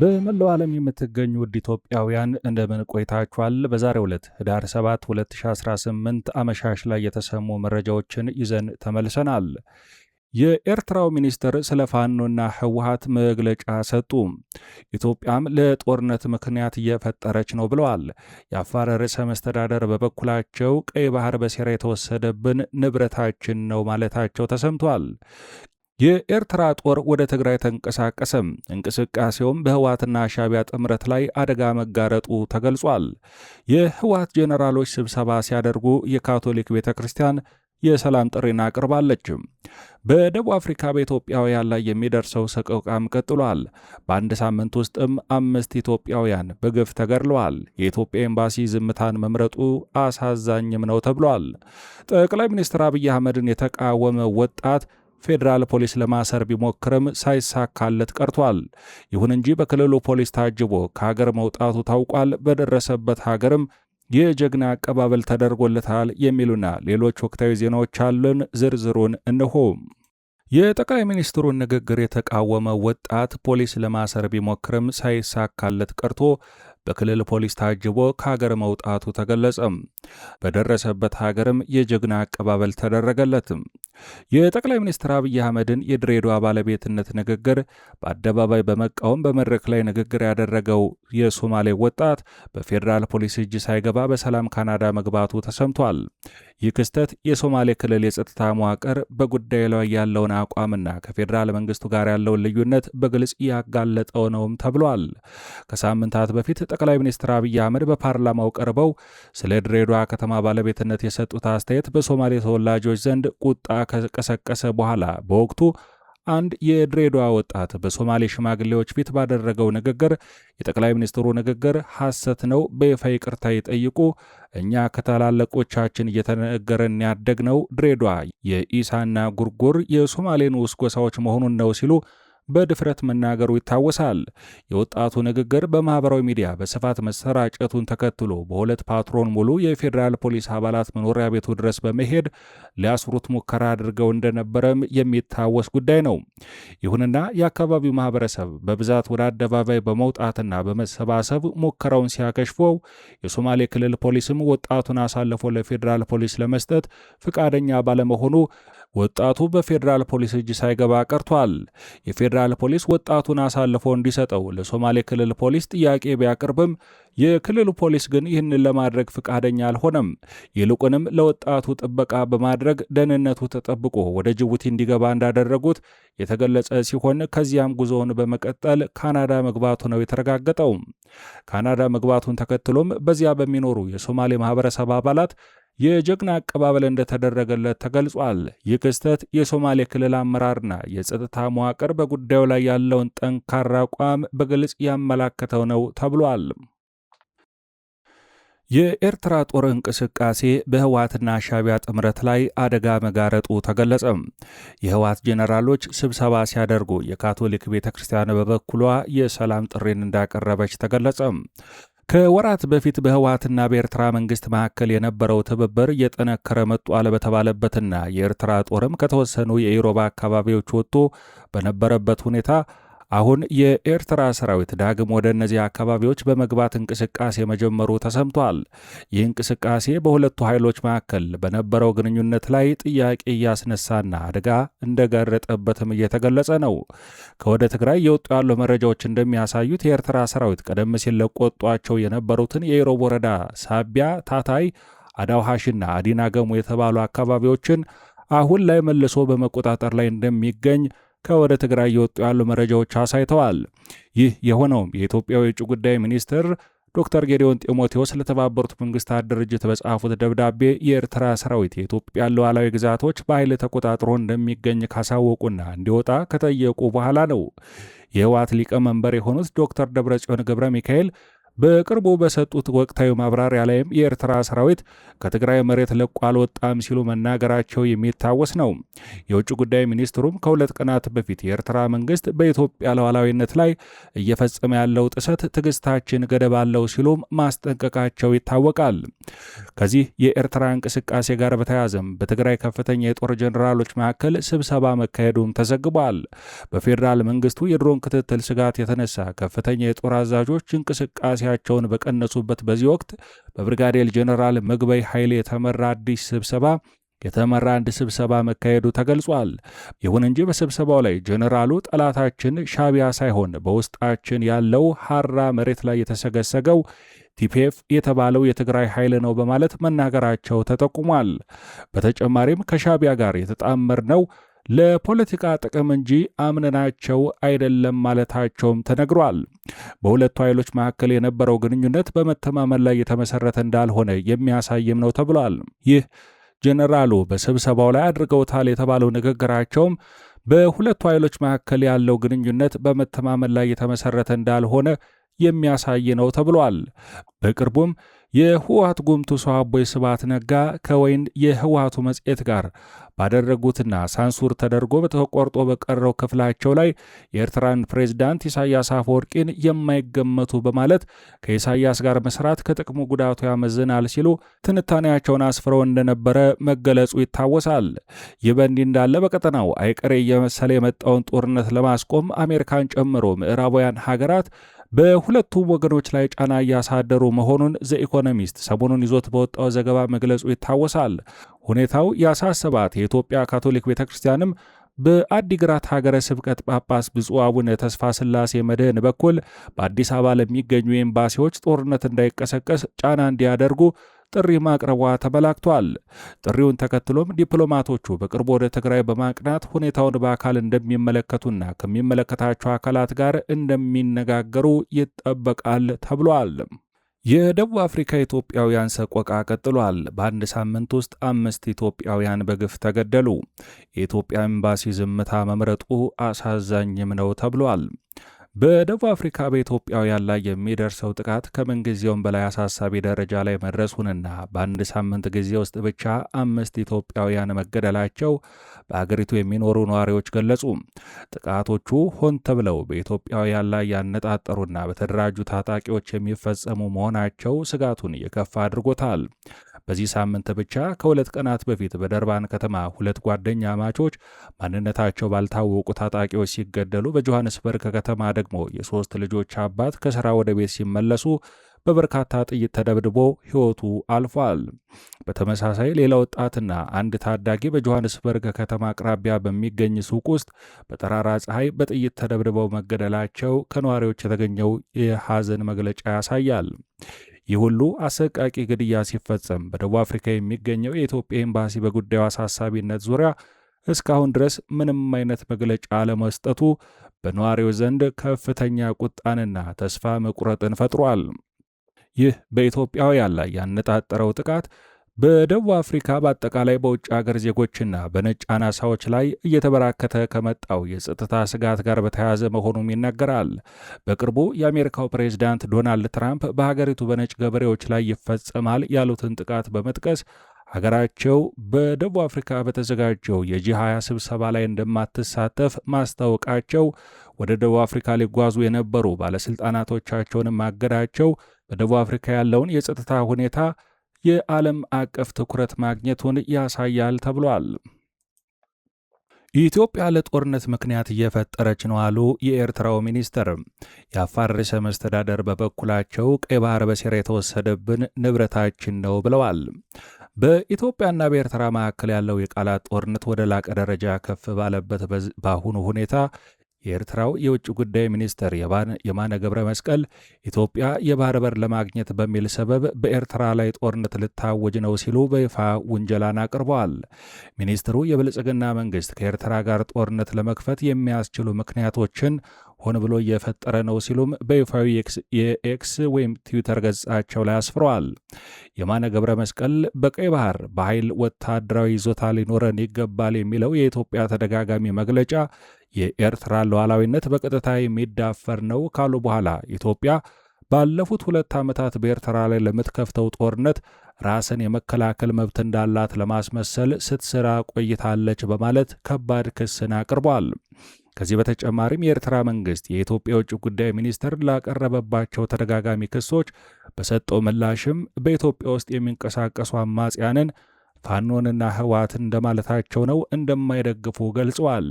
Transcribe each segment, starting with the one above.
በመላው ዓለም የምትገኙ ውድ ኢትዮጵያውያን እንደምን ቆይታችኋል? በዛሬ ዕለት ህዳር 7 2018 አመሻሽ ላይ የተሰሙ መረጃዎችን ይዘን ተመልሰናል። የኤርትራው ሚኒስትር ስለ ፋኖና ህወሀት መግለጫ ሰጡ። ኢትዮጵያም ለጦርነት ምክንያት እየፈጠረች ነው ብለዋል። የአፋር ርዕሰ መስተዳደር በበኩላቸው ቀይ ባህር በሴራ የተወሰደብን ንብረታችን ነው ማለታቸው ተሰምቷል። የኤርትራ ጦር ወደ ትግራይ ተንቀሳቀሰም እንቅስቃሴውም በህዋትና ሻቢያ ጥምረት ላይ አደጋ መጋረጡ ተገልጿል። የህዋት ጄኔራሎች ስብሰባ ሲያደርጉ የካቶሊክ ቤተ ክርስቲያን የሰላም ጥሪን አቅርባለች። በደቡብ አፍሪካ በኢትዮጵያውያን ላይ የሚደርሰው ሰቆቃም ቀጥሏል። በአንድ ሳምንት ውስጥም አምስት ኢትዮጵያውያን በግፍ ተገድለዋል። የኢትዮጵያ ኤምባሲ ዝምታን መምረጡ አሳዛኝም ነው ተብሏል። ጠቅላይ ሚኒስትር አብይ አህመድን የተቃወመ ወጣት ፌዴራል ፖሊስ ለማሰር ቢሞክርም ሳይሳካለት ቀርቷል። ይሁን እንጂ በክልሉ ፖሊስ ታጅቦ ከሀገር መውጣቱ ታውቋል። በደረሰበት ሀገርም የጀግና አቀባበል ተደርጎለታል የሚሉና ሌሎች ወቅታዊ ዜናዎች አሉን። ዝርዝሩን እንሆ። የጠቅላይ ሚኒስትሩን ንግግር የተቃወመ ወጣት ፖሊስ ለማሰር ቢሞክርም ሳይሳካለት ቀርቶ በክልል ፖሊስ ታጅቦ ከሀገር መውጣቱ ተገለጸ። በደረሰበት ሀገርም የጀግና አቀባበል ተደረገለትም። የጠቅላይ ሚኒስትር አብይ አህመድን የድሬዳዋ ባለቤትነት ንግግር በአደባባይ በመቃወም በመድረክ ላይ ንግግር ያደረገው የሶማሌ ወጣት በፌዴራል ፖሊስ እጅ ሳይገባ በሰላም ካናዳ መግባቱ ተሰምቷል። ይህ ክስተት የሶማሌ ክልል የጸጥታ መዋቅር በጉዳዩ ላይ ያለውን አቋምና ከፌዴራል መንግስቱ ጋር ያለውን ልዩነት በግልጽ ያጋለጠው ነውም ተብሏል። ከሳምንታት በፊት ጠቅላይ ሚኒስትር አብይ አህመድ በፓርላማው ቀርበው ስለ ድሬዳዋ ከተማ ባለቤትነት የሰጡት አስተያየት በሶማሌ ተወላጆች ዘንድ ቁጣ ከቀሰቀሰ በኋላ በወቅቱ አንድ የድሬዳዋ ወጣት በሶማሌ ሽማግሌዎች ፊት ባደረገው ንግግር የጠቅላይ ሚኒስትሩ ንግግር ሐሰት ነው፣ በይፋ ይቅርታ ይጠይቁ፣ እኛ ከታላለቆቻችን እየተነገረን ያደግነው ድሬዳዋ የኢሳና ጉርጉር የሶማሌ ንዑስ ጎሳዎች መሆኑን ነው ሲሉ በድፍረት መናገሩ ይታወሳል። የወጣቱ ንግግር በማኅበራዊ ሚዲያ በስፋት መሰራጨቱን ተከትሎ በሁለት ፓትሮን ሙሉ የፌዴራል ፖሊስ አባላት መኖሪያ ቤቱ ድረስ በመሄድ ሊያስሩት ሙከራ አድርገው እንደነበረም የሚታወስ ጉዳይ ነው። ይሁንና የአካባቢው ማኅበረሰብ በብዛት ወደ አደባባይ በመውጣትና በመሰባሰብ ሙከራውን ሲያከሽፈው የሶማሌ ክልል ፖሊስም ወጣቱን አሳልፎ ለፌዴራል ፖሊስ ለመስጠት ፈቃደኛ ባለመሆኑ ወጣቱ በፌዴራል ፖሊስ እጅ ሳይገባ ቀርቷል። የፌዴራል ፖሊስ ወጣቱን አሳልፎ እንዲሰጠው ለሶማሌ ክልል ፖሊስ ጥያቄ ቢያቀርብም የክልሉ ፖሊስ ግን ይህንን ለማድረግ ፍቃደኛ አልሆነም። ይልቁንም ለወጣቱ ጥበቃ በማድረግ ደህንነቱ ተጠብቆ ወደ ጅቡቲ እንዲገባ እንዳደረጉት የተገለጸ ሲሆን ከዚያም ጉዞውን በመቀጠል ካናዳ መግባቱ ነው የተረጋገጠው። ካናዳ መግባቱን ተከትሎም በዚያ በሚኖሩ የሶማሌ ማህበረሰብ አባላት የጀግና አቀባበል እንደተደረገለት ተገልጿል። ይህ ክስተት የሶማሌ ክልል አመራርና የጸጥታ መዋቅር በጉዳዩ ላይ ያለውን ጠንካራ አቋም በግልጽ ያመላከተው ነው ተብሏል። የኤርትራ ጦር እንቅስቃሴ በህወሓትና ሻቢያ ጥምረት ላይ አደጋ መጋረጡ ተገለጸ። የህወሓት ጄኔራሎች ስብሰባ ሲያደርጉ የካቶሊክ ቤተ ክርስቲያን በበኩሏ የሰላም ጥሪን እንዳቀረበች ተገለጸም። ከወራት በፊት በህወሓትና በኤርትራ መንግስት መካከል የነበረው ትብብር እየጠነከረ መጥቷል በተባለበትና የኤርትራ ጦርም ከተወሰኑ የኢሮባ አካባቢዎች ወጥቶ በነበረበት ሁኔታ አሁን የኤርትራ ሰራዊት ዳግም ወደ እነዚህ አካባቢዎች በመግባት እንቅስቃሴ መጀመሩ ተሰምቷል። ይህ እንቅስቃሴ በሁለቱ ኃይሎች መካከል በነበረው ግንኙነት ላይ ጥያቄ እያስነሳና አደጋ እንደጋረጠበትም እየተገለጸ ነው። ከወደ ትግራይ የወጡ ያሉ መረጃዎች እንደሚያሳዩት የኤርትራ ሰራዊት ቀደም ሲል ለቆጧቸው የነበሩትን የኢሮብ ወረዳ ሳቢያ ታታይ አዳውሃሽና አዲና ገሙ የተባሉ አካባቢዎችን አሁን ላይ መልሶ በመቆጣጠር ላይ እንደሚገኝ ከወደ ትግራይ እየወጡ ያሉ መረጃዎች አሳይተዋል። ይህ የሆነውም የኢትዮጵያ የውጭ ጉዳይ ሚኒስትር ዶክተር ጌዲዮን ጢሞቴዎስ ለተባበሩት መንግስታት ድርጅት በጻፉት ደብዳቤ የኤርትራ ሰራዊት የኢትዮጵያ ሉዓላዊ ግዛቶች በኃይል ተቆጣጥሮ እንደሚገኝ ካሳወቁና እንዲወጣ ከጠየቁ በኋላ ነው። የህወሓት ሊቀመንበር የሆኑት ዶክተር ደብረጽዮን ገብረ ሚካኤል በቅርቡ በሰጡት ወቅታዊ ማብራሪያ ላይም የኤርትራ ሰራዊት ከትግራይ መሬት ለቆ አልወጣም ሲሉ መናገራቸው የሚታወስ ነው። የውጭ ጉዳይ ሚኒስትሩም ከሁለት ቀናት በፊት የኤርትራ መንግስት በኢትዮጵያ ሉዓላዊነት ላይ እየፈጸመ ያለው ጥሰት ትዕግስታችን ገደብ አለው ሲሉም ማስጠንቀቃቸው ይታወቃል። ከዚህ የኤርትራ እንቅስቃሴ ጋር በተያያዘም በትግራይ ከፍተኛ የጦር ጀኔራሎች መካከል ስብሰባ መካሄዱም ተዘግቧል። በፌዴራል መንግስቱ የድሮን ክትትል ስጋት የተነሳ ከፍተኛ የጦር አዛዦች እንቅስቃሴያቸውን በቀነሱበት በዚህ ወቅት በብርጋዴር ጀኔራል ምግበይ ኃይል የተመራ አዲስ ስብሰባ የተመራ አንድ ስብሰባ መካሄዱ ተገልጿል። ይሁን እንጂ በስብሰባው ላይ ጀኔራሉ ጠላታችን ሻቢያ ሳይሆን በውስጣችን ያለው ሐራ መሬት ላይ የተሰገሰገው ቲፒኤፍ የተባለው የትግራይ ኃይል ነው በማለት መናገራቸው ተጠቁሟል። በተጨማሪም ከሻቢያ ጋር የተጣመር ነው ለፖለቲካ ጥቅም እንጂ አምነናቸው አይደለም ማለታቸውም ተነግሯል። በሁለቱ ኃይሎች መካከል የነበረው ግንኙነት በመተማመን ላይ የተመሰረተ እንዳልሆነ የሚያሳይም ነው ተብሏል። ይህ ጀነራሉ በስብሰባው ላይ አድርገውታል የተባለው ንግግራቸውም በሁለቱ ኃይሎች መካከል ያለው ግንኙነት በመተማመን ላይ የተመሰረተ እንዳልሆነ የሚያሳይ ነው ተብሏል። በቅርቡም የህወሀት ጉምቱ ሰው አቦይ ስብሃት ነጋ ከወይን የህወሀቱ መጽሔት ጋር ባደረጉትና ሳንሱር ተደርጎ ተቆርጦ በቀረው ክፍላቸው ላይ የኤርትራን ፕሬዝዳንት ኢሳያስ አፈወርቂን የማይገመቱ በማለት ከኢሳያስ ጋር መስራት ከጥቅሙ ጉዳቱ ያመዝናል ሲሉ ትንታኔያቸውን አስፍረው እንደነበረ መገለጹ ይታወሳል። ይህ በእንዲህ እንዳለ በቀጠናው አይቀሬ እየመሰለ የመጣውን ጦርነት ለማስቆም አሜሪካን ጨምሮ ምዕራባውያን ሀገራት በሁለቱም ወገኖች ላይ ጫና እያሳደሩ መሆኑን ዘኢኮኖሚስት ሰሞኑን ይዞት በወጣው ዘገባ መግለጹ ይታወሳል። ሁኔታው ያሳሰባት የኢትዮጵያ ካቶሊክ ቤተ ክርስቲያንም በአዲግራት ሀገረ ስብከት ጳጳስ ብፁዕ አቡነ ተስፋ ስላሴ መድህን በኩል በአዲስ አበባ ለሚገኙ ኤምባሲዎች ጦርነት እንዳይቀሰቀስ ጫና እንዲያደርጉ ጥሪ ማቅረቧ ተመላክቷል። ጥሪውን ተከትሎም ዲፕሎማቶቹ በቅርቡ ወደ ትግራይ በማቅናት ሁኔታውን በአካል እንደሚመለከቱና ከሚመለከታቸው አካላት ጋር እንደሚነጋገሩ ይጠበቃል ተብሏል። የደቡብ አፍሪካ ኢትዮጵያውያን ሰቆቃ ቀጥሏል። በአንድ ሳምንት ውስጥ አምስት ኢትዮጵያውያን በግፍ ተገደሉ። የኢትዮጵያ ኤምባሲ ዝምታ መምረጡ አሳዛኝም ነው ተብሏል። በደቡብ አፍሪካ በኢትዮጵያውያን ላይ የሚደርሰው ጥቃት ከምንጊዜውም በላይ አሳሳቢ ደረጃ ላይ መድረሱንና በአንድ ሳምንት ጊዜ ውስጥ ብቻ አምስት ኢትዮጵያውያን መገደላቸው በአገሪቱ የሚኖሩ ነዋሪዎች ገለጹ። ጥቃቶቹ ሆን ተብለው በኢትዮጵያውያን ላይ ያነጣጠሩና በተደራጁ ታጣቂዎች የሚፈጸሙ መሆናቸው ስጋቱን እየከፋ አድርጎታል። በዚህ ሳምንት ብቻ ከሁለት ቀናት በፊት በደርባን ከተማ ሁለት ጓደኛ ማቾች ማንነታቸው ባልታወቁ ታጣቂዎች ሲገደሉ በጆሐንስበርግ ከተማ ደግሞ የሦስት ልጆች አባት ከሥራ ወደ ቤት ሲመለሱ በበርካታ ጥይት ተደብድቦ ሕይወቱ አልፏል። በተመሳሳይ ሌላ ወጣትና አንድ ታዳጊ በጆሐንስበርግ ከተማ አቅራቢያ በሚገኝ ሱቅ ውስጥ በጠራራ ፀሐይ በጥይት ተደብድበው መገደላቸው ከነዋሪዎች የተገኘው የሐዘን መግለጫ ያሳያል። ይህ ሁሉ አሰቃቂ ግድያ ሲፈጸም በደቡብ አፍሪካ የሚገኘው የኢትዮጵያ ኤምባሲ በጉዳዩ አሳሳቢነት ዙሪያ እስካሁን ድረስ ምንም አይነት መግለጫ አለመስጠቱ በነዋሪው ዘንድ ከፍተኛ ቁጣንና ተስፋ መቁረጥን ፈጥሯል። ይህ በኢትዮጵያውያን ላይ ያነጣጠረው ጥቃት በደቡብ አፍሪካ በአጠቃላይ በውጭ አገር ዜጎችና በነጭ አናሳዎች ላይ እየተበራከተ ከመጣው የጸጥታ ስጋት ጋር በተያያዘ መሆኑም ይነገራል። በቅርቡ የአሜሪካው ፕሬዝዳንት ዶናልድ ትራምፕ በሀገሪቱ በነጭ ገበሬዎች ላይ ይፈጸማል ያሉትን ጥቃት በመጥቀስ ሀገራቸው በደቡብ አፍሪካ በተዘጋጀው የጂ 20 ስብሰባ ላይ እንደማትሳተፍ ማስታወቃቸው፣ ወደ ደቡብ አፍሪካ ሊጓዙ የነበሩ ባለሥልጣናቶቻቸውን ማገዳቸው በደቡብ አፍሪካ ያለውን የጸጥታ ሁኔታ የዓለም አቀፍ ትኩረት ማግኘቱን ያሳያል ተብሏል። ኢትዮጵያ ለጦርነት ምክንያት እየፈጠረች ነው አሉ የኤርትራው ሚኒስትር። የአፋር ርዕሰ መስተዳደር በበኩላቸው ቀይ ባህር በሴራ የተወሰደብን ንብረታችን ነው ብለዋል። በኢትዮጵያና በኤርትራ መካከል ያለው የቃላት ጦርነት ወደ ላቀ ደረጃ ከፍ ባለበት በአሁኑ ሁኔታ የኤርትራው የውጭ ጉዳይ ሚኒስትር የማነ ገብረ መስቀል ኢትዮጵያ የባህር በር ለማግኘት በሚል ሰበብ በኤርትራ ላይ ጦርነት ልታወጅ ነው ሲሉ በይፋ ውንጀላን አቅርበዋል። ሚኒስትሩ የብልጽግና መንግስት ከኤርትራ ጋር ጦርነት ለመክፈት የሚያስችሉ ምክንያቶችን ሆን ብሎ እየፈጠረ ነው ሲሉም በይፋዊ የኤክስ ወይም ትዊተር ገጻቸው ላይ አስፍረዋል። የማነ ገብረ መስቀል በቀይ ባህር በኃይል ወታደራዊ ይዞታ ሊኖረን ይገባል የሚለው የኢትዮጵያ ተደጋጋሚ መግለጫ የኤርትራ ሉዓላዊነት በቀጥታ የሚዳፈር ነው ካሉ በኋላ ኢትዮጵያ ባለፉት ሁለት ዓመታት በኤርትራ ላይ ለምትከፍተው ጦርነት ራስን የመከላከል መብት እንዳላት ለማስመሰል ስትሰራ ቆይታለች በማለት ከባድ ክስን አቅርቧል። ከዚህ በተጨማሪም የኤርትራ መንግስት የኢትዮጵያ የውጭ ጉዳይ ሚኒስቴር ላቀረበባቸው ተደጋጋሚ ክሶች በሰጠው ምላሽም በኢትዮጵያ ውስጥ የሚንቀሳቀሱ አማጽያንን ፋኖንና ህወሓትን እንደማለታቸው ነው እንደማይደግፉ ገልጸዋል።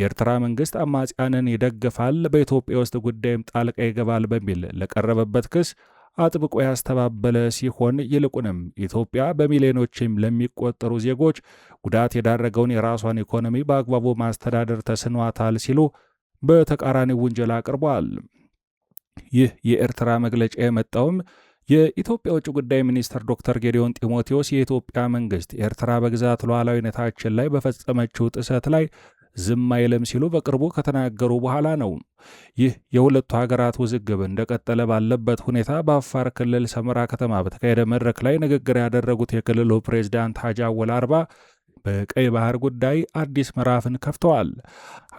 የኤርትራ መንግስት አማጽያንን ይደግፋል፣ በኢትዮጵያ ውስጥ ጉዳይም ጣልቃ ይገባል በሚል ለቀረበበት ክስ አጥብቆ ያስተባበለ ሲሆን ይልቁንም ኢትዮጵያ በሚሊዮኖችም ለሚቆጠሩ ዜጎች ጉዳት የዳረገውን የራሷን ኢኮኖሚ በአግባቡ ማስተዳደር ተስኗታል ሲሉ በተቃራኒ ውንጀላ አቅርበዋል። ይህ የኤርትራ መግለጫ የመጣውም የኢትዮጵያ ውጭ ጉዳይ ሚኒስትር ዶክተር ጌዲዮን ጢሞቴዎስ የኢትዮጵያ መንግስት ኤርትራ በግዛት ሉዓላዊነታችን ላይ በፈጸመችው ጥሰት ላይ ዝም አይለም ሲሉ በቅርቡ ከተናገሩ በኋላ ነው። ይህ የሁለቱ ሀገራት ውዝግብ እንደቀጠለ ባለበት ሁኔታ በአፋር ክልል ሰመራ ከተማ በተካሄደ መድረክ ላይ ንግግር ያደረጉት የክልሉ ፕሬዚዳንት ሀጂ አወል አርባ በቀይ ባህር ጉዳይ አዲስ ምዕራፍን ከፍተዋል።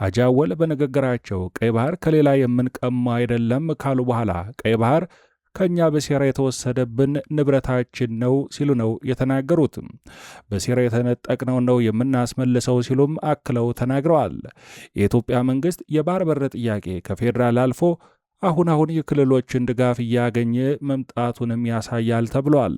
ሀጂ አወል በንግግራቸው ቀይ ባህር ከሌላ የምንቀማ አይደለም ካሉ በኋላ ቀይ ባህር ከእኛ በሴራ የተወሰደብን ንብረታችን ነው ሲሉ ነው የተናገሩት። በሴራ የተነጠቅነው ነው የምናስመልሰው ሲሉም አክለው ተናግረዋል። የኢትዮጵያ መንግስት የባህር በር ጥያቄ ከፌዴራል አልፎ አሁን አሁን የክልሎችን ድጋፍ እያገኘ መምጣቱንም ያሳያል ተብሏል።